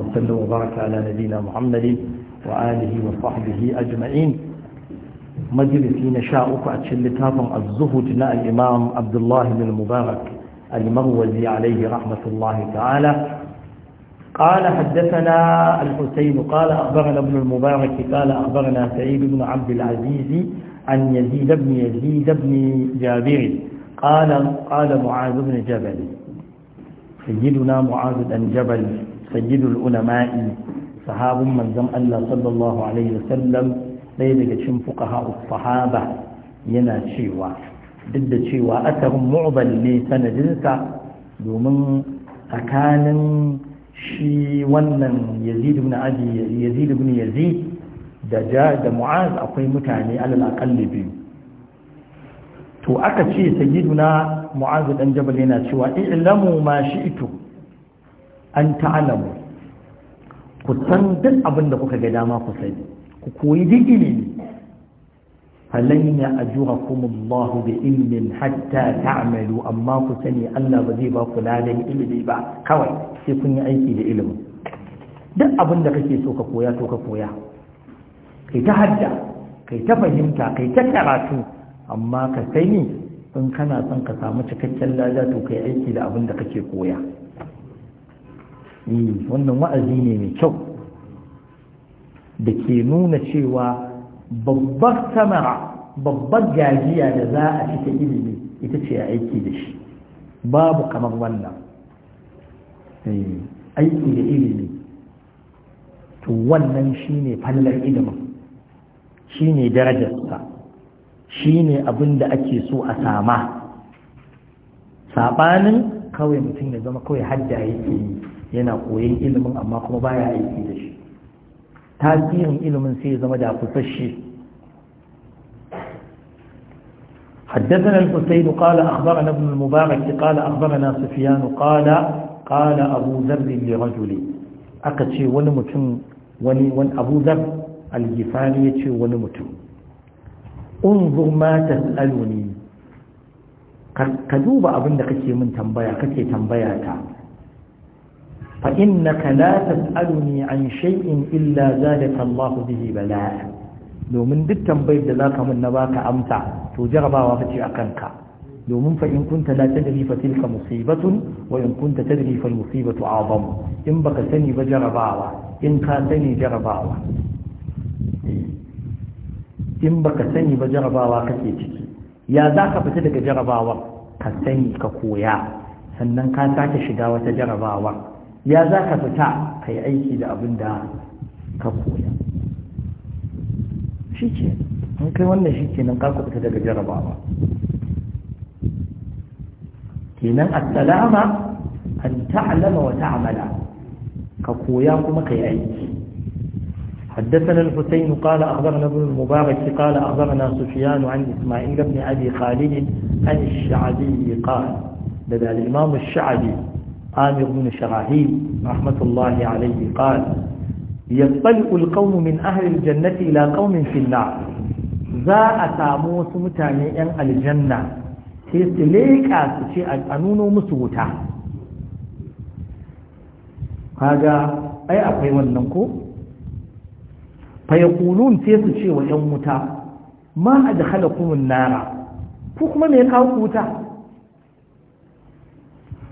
وسلم وبارك على نبينا محمد وآله وصحبه أجمعين نشاؤك نشاءك أتشلتاف الزهد نا الإمام عبد الله بن المبارك المروزي عليه رحمة الله تعالى قال حدثنا الحسين قال أخبرنا ابن المبارك قال أخبرنا سعيد بن عبد العزيز عن يزيد بن يزيد بن جابر قال قال معاذ بن جبل سيدنا معاذ بن جبل sayyidul ulama'i sahabun manzon Allah sallallahu alaihi wasallam ɗaya daga cikin fuqaha ufahaba yana cewa duk da cewa asarin mu'bal ne sanadinsa domin tsakanin shi wannan yazid ibn abi yazid ibn yazid da mu'az akwai mutane alal aqalli biyu to aka ce sayyiduna mu'az dan jabal yana cewa i'lamu ma shi'tu an ta'alamu ku san duk abin da kuka ga dama ku sani ku koyi duk ilimi falan ya ajurakum Allah da ilimin hatta ta'malu amma ku sani Allah ba zai ba ku ladan ilimi ba kawai sai kun yi aiki da ilimi duk abin da kake so ka koya to ka koya kai ta hadda kai ta fahimta kai ta karatu amma ka sani in kana son ka samu cikakken lada to kai aiki da abin da kake koya wannan wa'azi ne mai kyau da ke nuna cewa babbar samara babbar gajiya da za a cika ilimi ita ce a aiki da shi babu kamar wannan eh, aiki da ilimi to wannan shi ne fallar ilimin shi ne darajarsa ne abin da ake so a sama saɓanin kawai mutum ya zama kawai hadda yake yi yana koyon ilimin amma kuma baya aiki da shi tasirin ilimin sai ya zama da kusasshe حدثنا الحسين قال أخبرنا ابن المبارك قال أخبرنا سفيان قال قال أبو ذر لرجل أكتشي ونمتم ون أبو ذر الجفاني يتشي انظر ما تسألني ka duba abin da kake min tambaya kake tambaya ta فإنك لا تسألني عن شيء إلا زادك الله به بلاء لو من دت تنبيد لك من نباك أمتع تجربة وفتي أكنك لو من فإن كنت لا تدري فتلك مصيبة وإن كنت تدري فالمصيبة أعظم إن بقتني فجربة إن كانتني جربة in baka sani ba jarabawa kake ciki ya za ka fita daga jarabawar ka sani ka koya sannan ka sake shiga wata jarabawar ya za ka fita ka yi aiki da abin da ka koya shi kai wannan shi ke nan ka daga jarabawa kenan asalama an ta'lama wata amala. ka koya kuma ka yi aiki حدثنا الحسين قال أخبرنا ابن المبارك قال أخبرنا سفيان عن إسماعيل بن أبي خالد عن الشعبي قال لدى الإمام الشعبي عامر بن شراحيل رحمة الله عليه قال يطلع القوم من أهل الجنة إلى قوم في النار za a samu wasu mutane 'yan aljanna sai su leƙa su ce a nuno musu wuta kaga ai akwai wannan ko fayakulun sai su ce wa 'yan wuta ma a da nara Ku kuma mai kawo wuta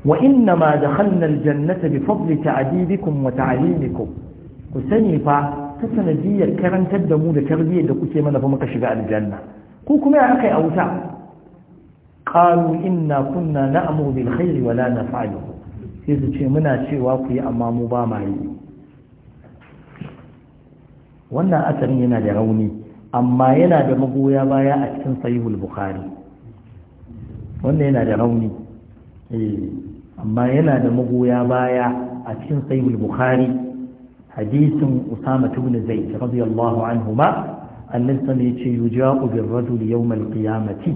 وإنما دخلنا الجنة بفضل تعديدكم وتعليمكم وسني فا تسندية كرن تدمو لتربية لكتي من فمك شبع الجنة قوكم يا أخي أوسع قالوا إنا كنا نأمر بالخير ولا نفعله إذا شيء منا شيء واقعي أما مبامعي wannan asalin yana da rauni amma yana da magoya baya a cikin sahihul bukhari wannan yana da rauni Eh, amma yana da magoya baya a cikin sahihul bukhari hadisin usama ibn zaid radiyallahu anhuma annabi sani alaihi wasallam yuja'u bir rajul yawm al-qiyamati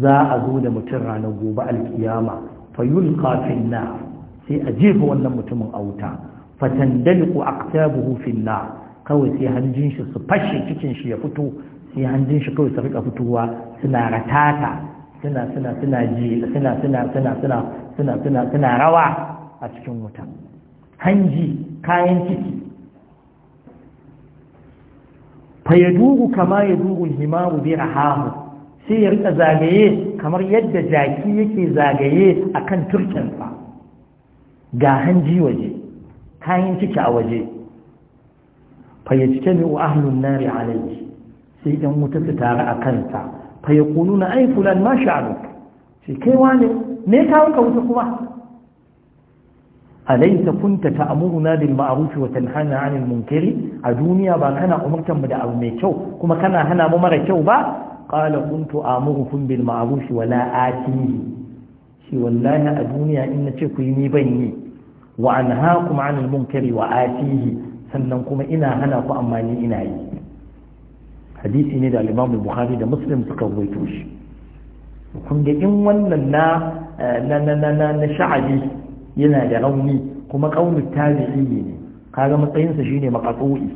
za a zo da mutum ranar gobe alkiyama fayulqa fil nar sai a jefa wannan mutumin a wuta fatandaliqu aqtabuhu fil nar kawai sai hanjin shi su fashe cikin shi ya fito sai hanjin shi kawai su rika fitowa suna ratata suna suna suna ji suna suna suna suna suna suna suna rawa a cikin wuta hanji kayan ciki fa ya dugu kama ya dugu himamu bi rahamu sai ya rika zagaye kamar yadda jaki yake zagaye a kan turkensa ga hanji waje kayan ciki a waje fa ya cike wa ahlun nari alayhi sai ɗan wuta su tare a kansa fa na ay fulan ma sha'anuk sai kai ne? me ka hauka wuta kuma alaysa kunta ta'muruna bil ma'ruf wa tanhana 'anil munkari a duniya ba kana umurtan mu da abu mai kyau kuma kana hana mu mara kyau ba qala kuntu amurukum bil ma'ruf wa la atihi shi wallahi a duniya in nace ku yi ni ban yi wa anhaakum 'anil munkari wa atihi sannan kuma ina hana ku amma ni ina yi hadisi ne da al-Imam Bukhari da Muslim suka rawaito shi kun ga in wannan na na na na na sha'abi yana da rauni kuma qaulul tabi'i ne kaga matsayin sa shine maqatu'i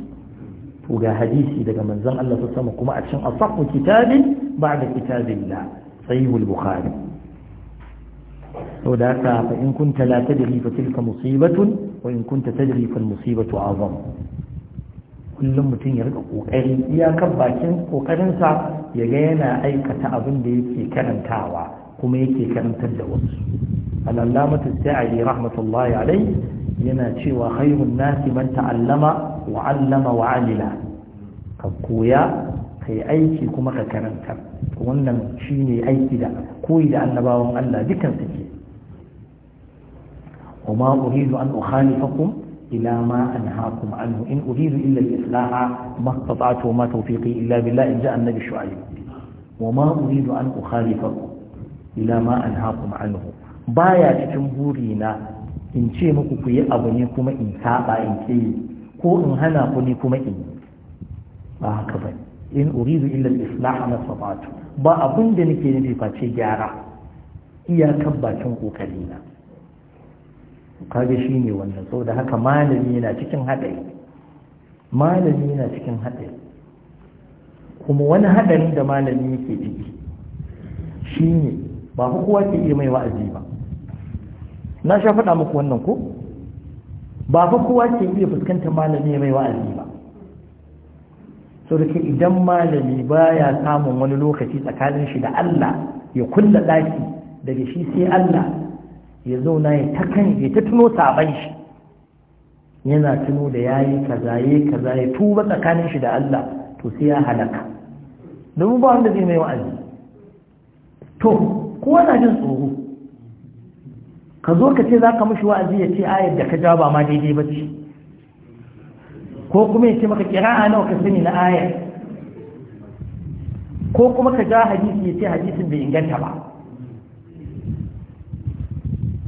to ga hadisi daga manzon Allah sallallahu alaihi wasallam kuma a cikin asahhu kitabi ba'da kitabillah sahih al-Bukhari to da haka fa in kunta la tadri fa tilka musibatun wa in kunta tadri fa al-musibatu azam kullum mutum ya rika kokari iyakar bakin kokarinsa ya ga yana aikata abin da yake karantawa kuma yake karantar da wasu ta ali rahmatullahi alai yana cewa khairun nasi man ta'allama wa 'allama wa alila, ka koya kai aiki kuma ka karanta wannan shine aiki da koyi da annabawan Allah dukkan su ke وما أريد أن أخالفكم إلى ما أنهاكم عنه إن أريد إلا الإصلاح ما استطعت وما توفيقي إلا بالله إن جاء النبي شعيب وما أريد أن أخالفكم إلى ما أنهاكم عنه بايا تجمهورينا in ce muku ku yi abu ne kuma in saba in ke ko in hana ku ne kuma in ba haka ba in uridu illa al-islah na ba abin da nake nufi face gyara iya bakin kokari na kaga shi ne wannan da haka malami yana cikin haɗari malami yana cikin haɗari kuma wani haɗari da malami yake ciki shi ne ba kowa ke iya mai wa'azi ba na sha faɗa muku wannan ko ba fa kowa ke iya fuskantar malami mai wa'azi ba so da ke idan malami baya samun wani lokaci tsakanin shi da Allah ya kulla ɗaki daga shi sai Allah ya zauna ya ta kan ya ta tuno saban shi yana tuno da yi kaza yayi kaza ya tuba tsakanin shi da Allah to sai ya halaka domin ba wanda zai mai wa'azi to ko na jin tsoro ka zo ka ce za ka mishi wa'azi ya ce ayar da ka ja ba ma daidai ba ce ko kuma ya ce maka kira a nawa ka sani na ayar ko kuma ka ja hadisi ya ce hadisin bai inganta ba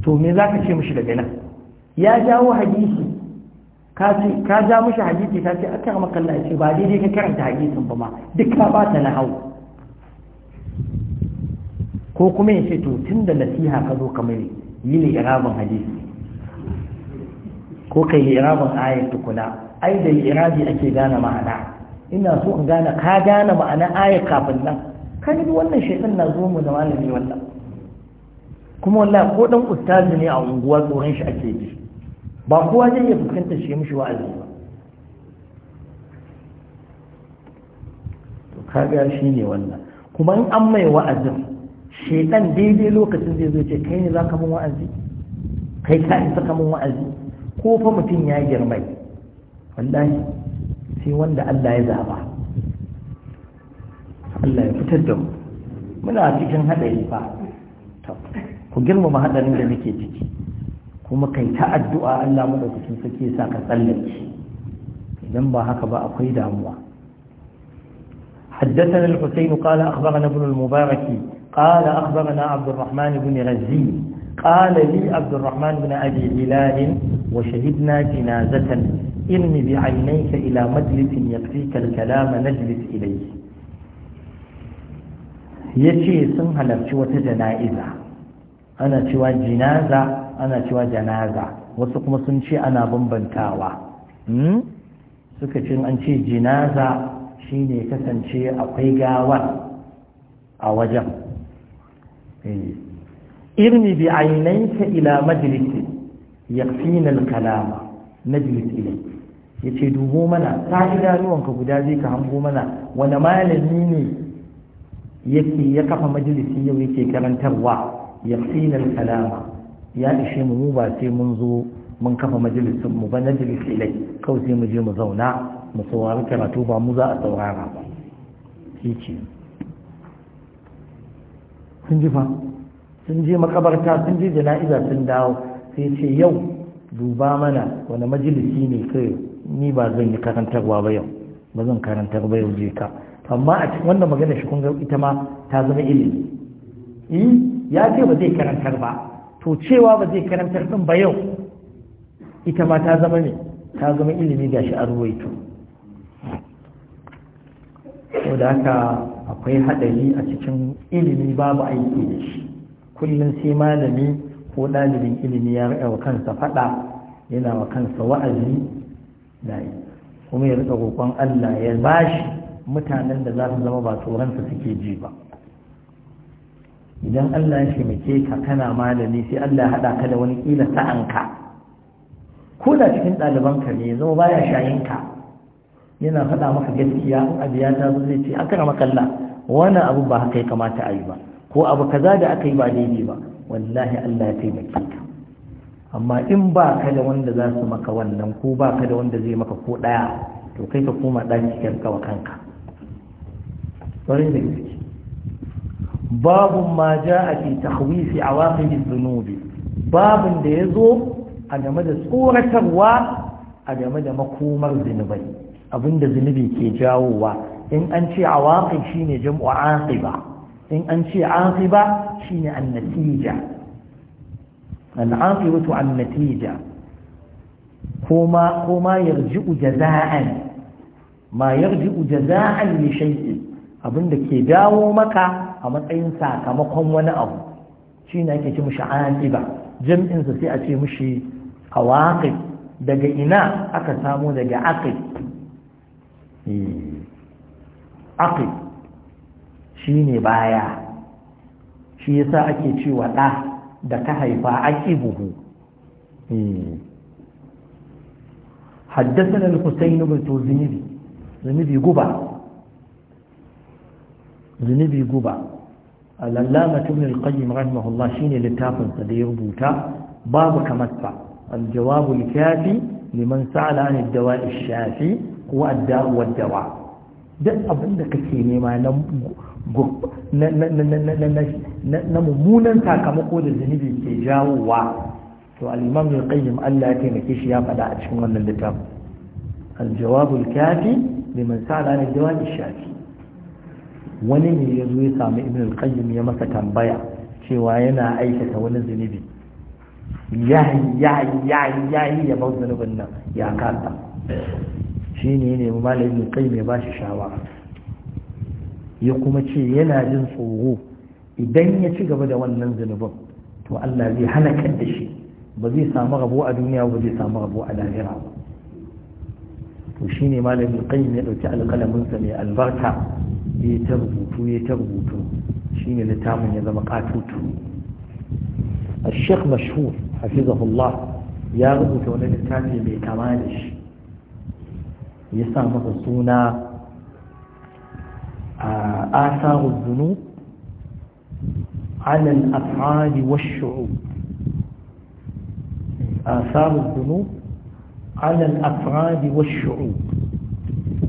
to me za ka ce mishi daga nan ya jawo hadisi ka ja mishi hadisi ta ce aka makalla ce ba daidai ka karanta hadisin ba ma duk ka ba ta nahawu ko kuma ya ce to tun da nasiha ka zo ka mai yi ne irabin hadisi ko ka yi irabin ayar tukuna ai da irabi ake gane ma'ana ina so in gane ka gane ma'ana ayat kafin nan kan yi wannan shaidan na zo mu da malami wannan kuma wallahi ko dan ustazi ne a unguwa tsoron shi ake bi, ba kowa zai iya fuskantar shi mishi wa'azi ba to kaga shi ne wannan kuma in an mai wa'azin shedan daidai lokacin zai zo ce kai ne za ka mun wa'azi kai ka isa ka mun wa'azi ko fa mutum ya girmai wallahi sai wanda Allah ya zaba Allah ya fitar da mu muna cikin haɗari fa ku girmama hadarin da muke ciki kuma kai ta addu'a Allah madaukakin sake sa ka tsallake idan ba haka ba akwai damuwa حدثنا الحسين قال أخبرنا ابن المبارك قال أخبرنا عبد الرحمن بن غزي قال لي عبد الرحمن بن أبي هلال وشهدنا جنازة ارم بعينيك إلى مجلس يكفيك الكلام نجلس إليه يشي سنها لفشوة جنائزة ana cewa jinaza ana cewa janaza wasu kuma sun ce ana bambantawa hmm? suka ce an ce jinaza shine kasance akwai gawar a wajen eh. irmi bi ainaika ila majalisi fi al-kalama na najlis Ya ce dubo mana ta idanuwanka guda zai ka hango mana wani malami ne ya kafa majalisi yau yake karantarwa ya sina salama ya ishe mu mu ba sai mun zo mun kafa majalisin mu ba na jalisi ilai kawai sai mu je mu zauna mu saurari karatu ba mu za a saurara ba shi ce sun ji fa sun je makabarta sun je jana'iza sun dawo sai ce yau duba mana wani majalisi ne kai ni ba zan yi karantarwa ba yau ba zan karantar ba yau je ka amma a cikin wannan magana shi kun ga ita ma ta zama ilimi Eh? ya ce ba zai karantar ba to cewa ba zai karantar ɗin ba yau ita ma ta zama ne ta zama ilimi ga shi a ruwaito ko da haka akwai haɗari a cikin ilimi babu aiki da shi kullum sai malami ko ɗalibin ilimi ya riƙa wa kansa faɗa yana wa kansa wa'azi na yi kuma ya riƙa roƙon Allah ya bashi mutanen da za su zama ba tsoronsa suke ji ba idan Allah ya shimike ka kana malami sai Allah ya hada ka da wani ƙila sa'anka ko da cikin ɗalibanka ne ya zama baya shayin ka yana faɗa maka gaskiya in abu ya ta zai ce aka rama kalla wani abu ba haka ya kamata a yi ba ko abu kaza da aka yi ba daidai ba wallahi Allah ya taimake ka amma in ba ka da wanda za su maka wannan ko ba ka da wanda zai maka ko ɗaya to kai ka koma ɗaki ka kanka. Ƙwarai da Babun باب ما جاء في تخويف عواقب الذنوب babun da yazo a game da tsoratarwa a game da makomar zinubai abinda zinubi ke jawowa in an ce a awaqib shine jam'u aqiba in an ce aqiba shine an-natija al-aqibatu an-natija kuma kuma yarji'u jaza'an ma yarji'u jaza'an ne shay'in abinda ke dawo maka a matsayin sakamakon wani abu shi ne ake ce mushi ɗiba jam'insa sai a ce mushi awaqib daga ina aka samu daga aqib eh shi ne baya shi yasa ake cewa waɗa da ka haifa aqibuhu eh حدثنا na بن زنبي زنبي guba, zunubi guba al'allama tubin alƙayyim rahimahullah shi ne littafinsa da ya rubuta babu kamar sa aljawabu littafi liman sa'ala ne dawa ishafi ko adda dawa duk abinda kake nema na mummunan sakamako da zunubi ke jawowa to al'imam alƙayyim allah ya taimake shi ya faɗa a cikin wannan littafin aljawabu littafi liman sa'ala ne dawa ishafi. wani ne ya zo ya samu ibn al-qayyim ya masa tambaya cewa yana aikata wani zunubi ya ya ya ya ya bar zunubin nan ya kanta. shi ne ne malamin al-qayyim ya bashi shawara ya kuma ce yana jin tsoro idan ya ci gaba da wannan zunubin to Allah zai kan da shi ba zai samu rabo a duniya ba zai samu rabo a lahira ba to shine malamin al-qayyim ya dauki alƙalamin sa mai albarka ya ta rubutu ya ta rubutu shi ne littafin ya zama katutu الشيخ مشهور حفظه الله ya rubuta wani littafi mai kama da shi ya sa masa suna a asarun zunu alal afali washu'u asarun zunu alal afali washu'u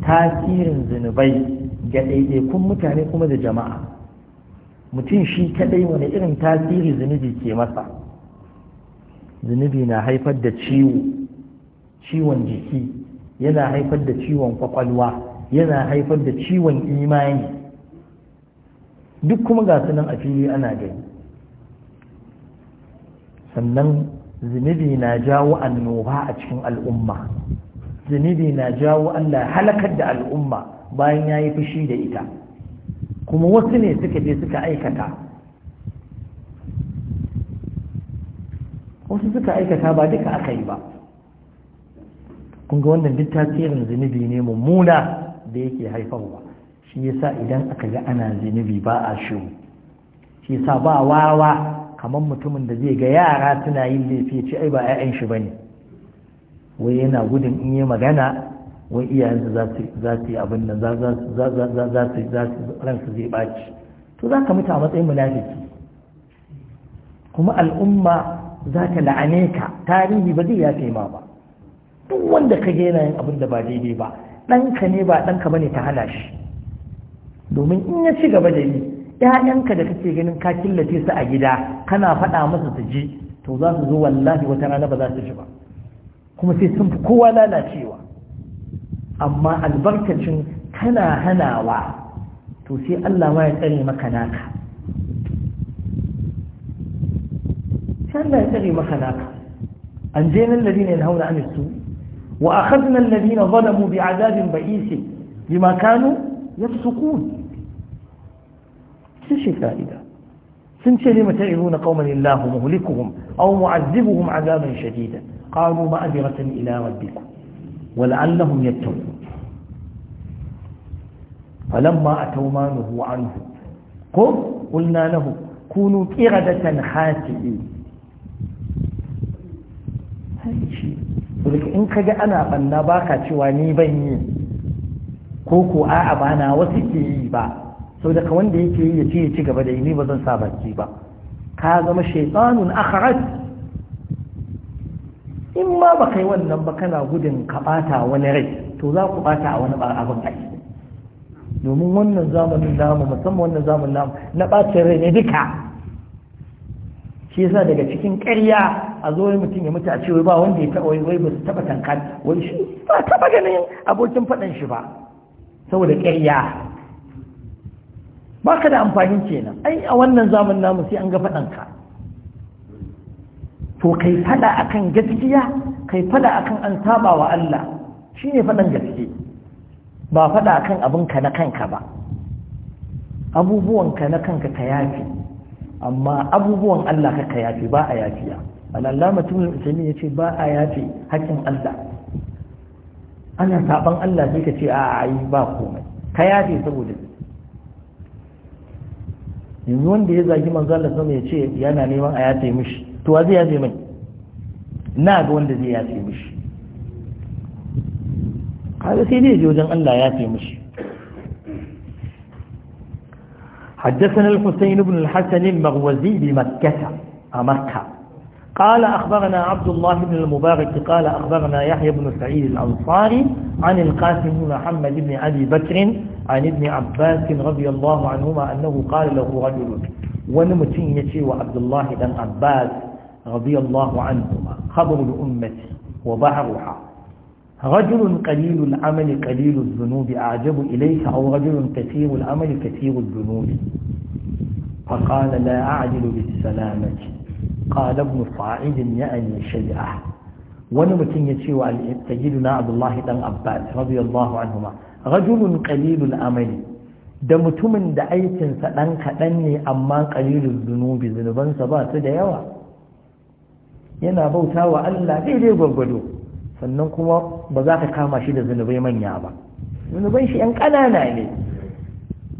tasirin zunubai ga ɗaiɗaikun mutane kuma da jama'a mutum shi kaɗai wani irin tasiri zunubi ke masa zunubi na haifar da ciwo ciwon jiki yana haifar da ciwon kwakwalwa yana haifar da ciwon imani duk kuma ga nan a fili ana gani sannan zunubi na jawo annoba a cikin al'umma zunubi na jawo allah halakar da al'umma bayan ya yi fushi da ita kuma wasu ne suka je suka aikata wasu suka aikata ba duka aka yi ba kunga wannan duk tasirin zunubi ne mummuna da yake haifarwa shi yasa idan aka ga ana zunubi ba a shiru shi yasa ba wawa kamar mutumin da zai ga yara suna yin laifi ce ai ba 'ya'yan shi bane wai yana gudun in yi magana Wani iyayensu za su yi abin nan za su ransu zai ɓaci to za ka mutu a matsayin munafiki kuma al'umma za ta la'ane ka tarihi ba zai ya ma ba duk wanda ka gena yin abin da ba daidai ba ɗanka ne ba ɗanka ba ne ta hana shi domin in ya ci gaba da yi ‘ya'yanka da kake ganin ka killace su a gida kana faɗa masa su ji to za su zo wallahi wata rana ba za su ji ba kuma sai sun fi kowa lalacewa amma albarkacin kana hanawa to sai Allah ma ya tsare maka naka sai Allah ya tsare maka naka an je nan ya yanhauna an su wa akhadna alladhina zalamu bi'adabin ba'is bima kanu yafsukun shi shi fa'ida sun ce lima ta'iruna qauman illahu muhlikuhum aw mu'azzibuhum 'adaban shadida qalu ma'adiratan ila rabbikum ولعلهم يتقون فلما أتوا ما نهوا عنه قم قلنا له كونوا قردة خاسئين in ka ga ana banna baka cewa ni ban yi ko ko a'a bana na wasu ke yi ba sau daga wanda yake yi ya ce ya ci gaba da yi ni ba zan sa baki ba ka zama shaitanun akharat in ma ba kai wannan ba kana gudun ka bata wani rai to za ku bata a wani abin aiki domin wannan zamanin namu musamman wannan zamanin namu na ɓacin rai ne duka shi yasa daga cikin ƙarya a zo wani mutum ya mutu a cewa ba wanda ya taɓa wai ba su taɓa tankan wai shi ba taɓa ganin abokin faɗan shi ba saboda ƙarya ba ka da amfani kenan ai a wannan zamanin namu sai an ga faɗanka to kai fada akan gaskiya kai fada akan an saba wa Allah shine fadan gaske ba fada akan abin ka na kanka ba abubuwan ka na kanka ka yafi amma abubuwan Allah ka ka yafi ba a yafiya al'allama tunan ya ce ba a yafi hakkin Allah ana saban Allah sai ka ce a ayi ba komai ka yafi saboda yanzu wanda ya zagi manzo Allah sama ya ce yana neman a yafe mishi to wa zai yafe mai na ga wanda zai yafe mishi kaga sai dai wajen Allah ya mishi حدثنا الحسين بن الحسن المغوزي بمكة أمكة آه، قال أخبرنا عبد الله بن المبارك قال أخبرنا يحيى بن سعيد الأنصاري عن القاسم بن محمد بن أبي بكر عن ابن عباس رضي الله عنهما أنه قال له رجل ونمتين يتي وعبد الله بن عباس رضي الله عنهما خبر الأمة وبحرها رجل قليل العمل قليل الذنوب أعجب إليك أو رجل كثير العمل كثير الذنوب فقال لا أعدل بالسلامة قال ابن صاعد يعني شيئا ونمتن يتشيو سيدنا إيه؟ عبد الله بن عباس رضي الله عنهما رجل قليل العمل دمتم دعيت فأنك أني أما قليل الذنوب ذنبا سبا zunubi yana bauta wa Allah daidai gwargwado sannan kuma ba za ka kama shi da zunubai manya ba zunuban shi 'yan ƙanana ne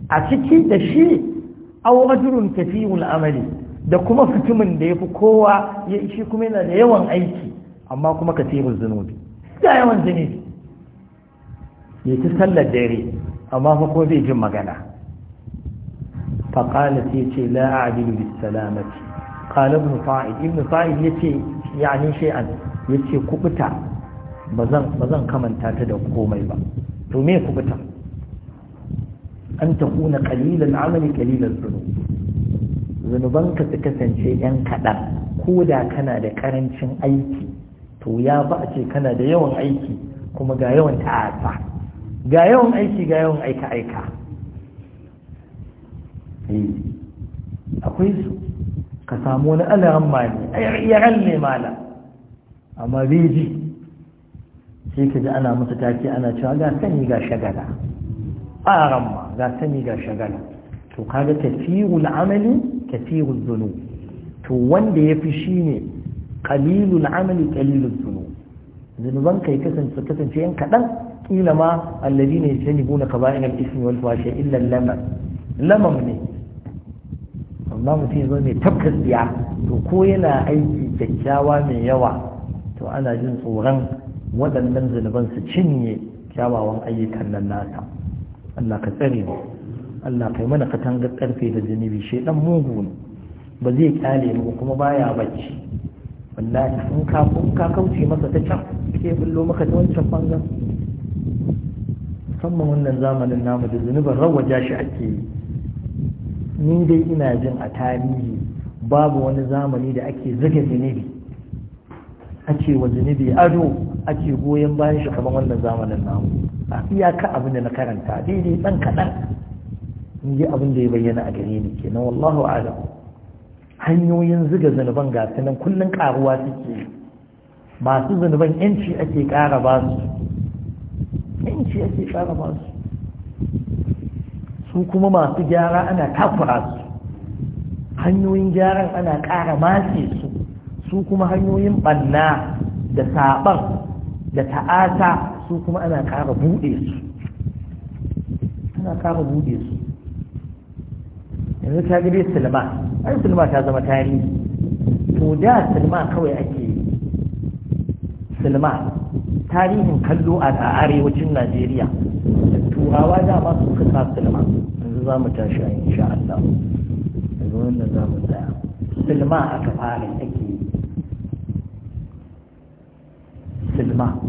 a ciki da shi aurajulun tafiyul amali da kuma fitumin da ya fi kowa ya ishi kuma yana da yawan aiki amma kuma ka tsirin zunubi da yawan zunubi ya ta sallar dare amma fa ko zai jin magana faƙala sai ce la a'dilu bis salamati قال ibn sa'id ابن sa'id يتي yani شيئا يتي كبتا بزن بزن kamanta ta da komai ba to me kubuta an takuna qalilan amali qalilan dhunub su kasance yan kaɗan ko da kana da ƙarancin aiki to ya ba a ce kana da yawan aiki kuma ga yawan ta'asa ga yawan aiki ga yawan aika aika ka samu wani alaran mali ya ralle mala amma bai ji sai ka ji ana masa take ana cewa ga sani ga shagala a ramma ga sani ga shagala to kaga kafirul amali kafirul zunub to wanda ya fi shi shine qalilul amali qalilul zunub zunuban kai kasance kasance yan kadan kila ma alladine yajanibuna kaba'ir al-ismi wal fahsha illa lamam lamam ne amma mutum ya zo mai biya, to ko yana aiki kyakkyawa mai yawa to ana jin tsoron waɗannan zunuban su cinye kyawawan ayyukan nan nasa Allah ka tsare mu Allah kai mana katanga karfe da zunubi shi shedan mugu ne ba zai kyale mu kuma baya bacci wallahi in ka kun ka kauce masa ta can ke bullo maka ta wancan bangan musamman wannan zamanin namu da zunuban rawaja shi ake yi ni dai ina jin a tarihi babu wani zamani da ake zaga zunubi ake wa zunubi ado ake goyon bayan shi kamar wannan zamanin namu a iyaka abin da na karanta daidai ɗan kaɗan in ji abin da ya bayyana a gare ni nan wallahu alam hanyoyin ziga zunuban ga nan kullum karuwa suke masu zunuban yanci ake ƙara ba su yanci ake ƙara ba su su kuma masu gyara ana takura su hanyoyin gyaran ana ƙara mace su su kuma hanyoyin ɓanna da saɓar da ta'ata su kuma ana ƙara buɗe su ana ƙara buɗe su yanzu ta gabe silma ai silma ta zama tarihi to da silma kawai ake silma tarihin kallo a arewacin najeriya turawa ba su ka sa silma yanzu za mu tashi a insha Allah yanzu wannan za mu tsaya silma aka fara yi silma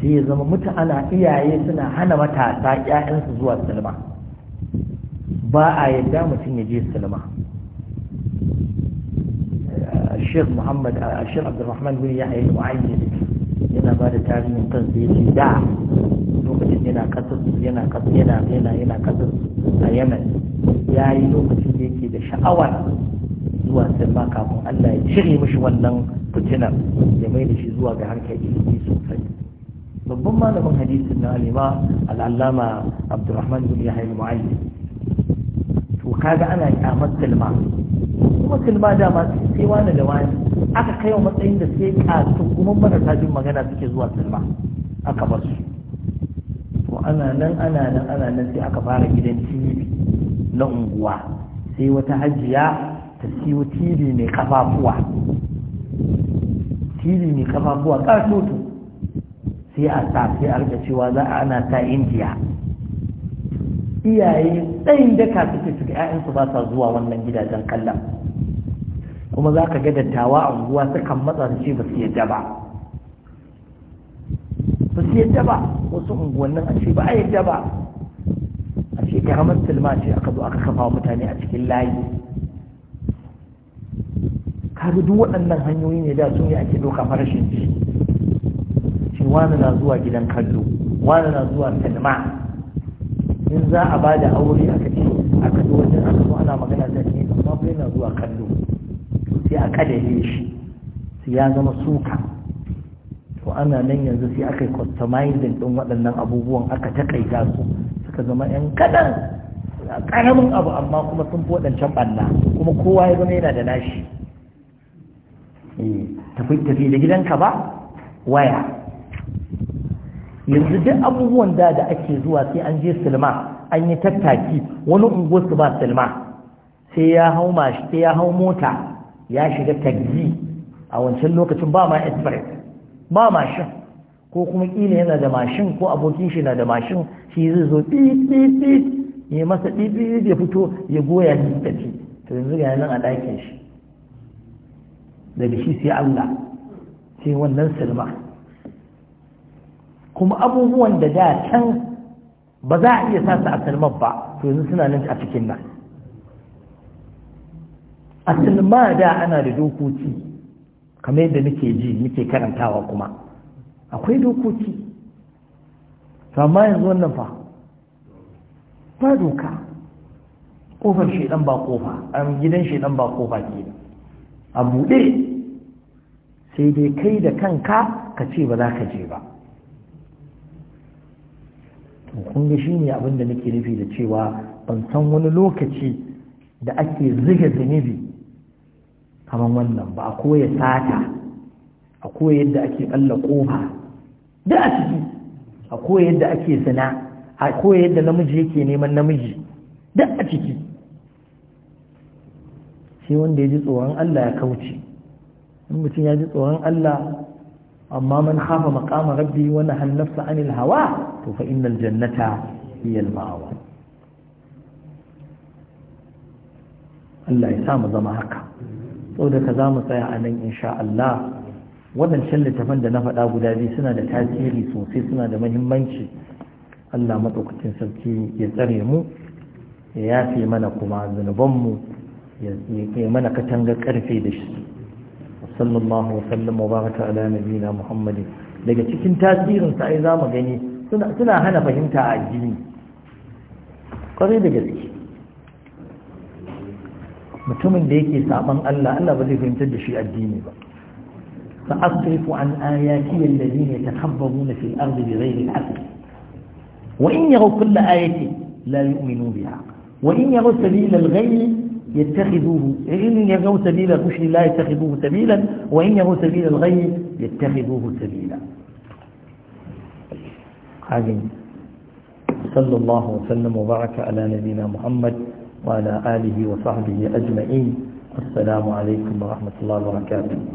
sai ya zama mutane iyaye suna hana matasa ƴaƴansu zuwa silma ba a yadda mutum ya je silma الشيخ محمد الشيخ عبد الرحمن بن يحيى المعين yana ba da tarihin kansa ya ce da lokacin yana kasar yana kasar yana yana yana kasar a yamen ya yi lokacin da yake da sha'awar zuwa sirma kafin allah ya cire mishi wannan fitinar ya mai da shi zuwa ga harkar ilimi sosai babban malamin hadisi na alima al'allama abdurrahman bin yahya al-mu'allim to kaga ana kyamar silma kuma silma dama sai wani da wani aka kai wa matsayin da sai kasu kuma marasa jin magana suke zuwa silma aka su. ana nan ana nan ana nan sai aka fara gidan tv na unguwa sai wata hajiya ta siyo tv mai kafafuwa tv mai kafafuwa ƙasoto sai a sa sai a rika cewa za a ana ta indiya iyaye tsayin daka suke yayan ‘ya'yansu ba sa zuwa wannan gidajen kallon kuma za ka ga dattawa a unguwa sukan matsa su ce ba su yadda ba yadda ba wasu unguwannin a ce ba a yadda ba a ce karamar tilma ce aka zo aka kafa mutane a cikin layi kaga duk waɗannan hanyoyi ne da su ne ake doka farashin ci shi wani na zuwa gidan kallo wani na zuwa tilma in za a ba da aure aka ce aka zo wajen aka zo ana magana da ne amma bai na zuwa kallo sai a kadare shi sai ya zama suka ana nan yanzu sai aka yi customizing ɗin waɗannan abubuwan aka takaita su suka zama 'yan kaɗan ƙaramin abu amma kuma sun fi waɗancan ɓanna kuma kowa ya zama yana da nashi eh, tafi da gidanka ba waya yanzu duk abubuwan da da ake zuwa sai an je silma an yi tattaki wani unguwarsu ba silma sai ya hau mota ya shiga tagzi a wancan lokacin ba ma express ba mashin ko kuma ƙila yana da mashin ko abokin shi na da mashin shi zai zo ɗiɗiɗi ya masa ɗiɗiɗi ya fito ya goya shi tafi to yanzu ga nan a ɗakin shi daga shi sai Allah sai wannan silma kuma abubuwan da da can ba za a iya sa su a silmar ba to yanzu suna nan a cikin nan a silma da ana da dokoki kamar yadda nake ji nake karantawa kuma akwai dokoki to amma yanzu wannan fa ba doka kofar shaidan ba kofa an gidan shaidan ba kofa ke a buɗe sai dai kai da kanka ka ce ba za ka je ba to kun ga shine abin da nake nufi da cewa ban san wani lokaci da ake ziga zunubi kamar wannan ba a koya sata a koya yadda ake ƙalla ƙofa da a ciki a koya yadda ake zina a koya yadda namiji yake neman namiji da a ciki sai wanda ya ji tsoron Allah ya kauce in mutum ya ji tsoron Allah amma man hafa makama rabbi wa nahal anil hawa to fa innal jannata iyal ma'awa Allah ya sa mu zama haka da ka za mu tsaya a nan insha Allah waɗancan littafan da na faɗa guda biyu suna da tasiri sosai suna da mahimmanci Allah matsaukacin sarki ya tsare mu ya yafe mana kuma zunubanmu ya mana katanga ƙarfe da shi sallallahu wa sallam wa baraka ala nabiyina muhammadin daga cikin tasirin sa ai zamu gani suna hana fahimta a addini kwarai da gaske mutumin da yake saban Allah Allah ba zai fahimtar da shi addini ba فأصرف عن آياتي الذين يتخبرون في الأرض بغير الحق وإن يروا كل آية لا يؤمنوا بها وإن يروا سبيل الغي يتخذوه إن يروا سبيل الرشد لا يتخذوه سبيلا وإن يروا سبيل الغي يتخذوه سبيلا عجل صلى الله وسلم وبارك على نبينا محمد وعلى آله وصحبه أجمعين السلام عليكم ورحمة الله وبركاته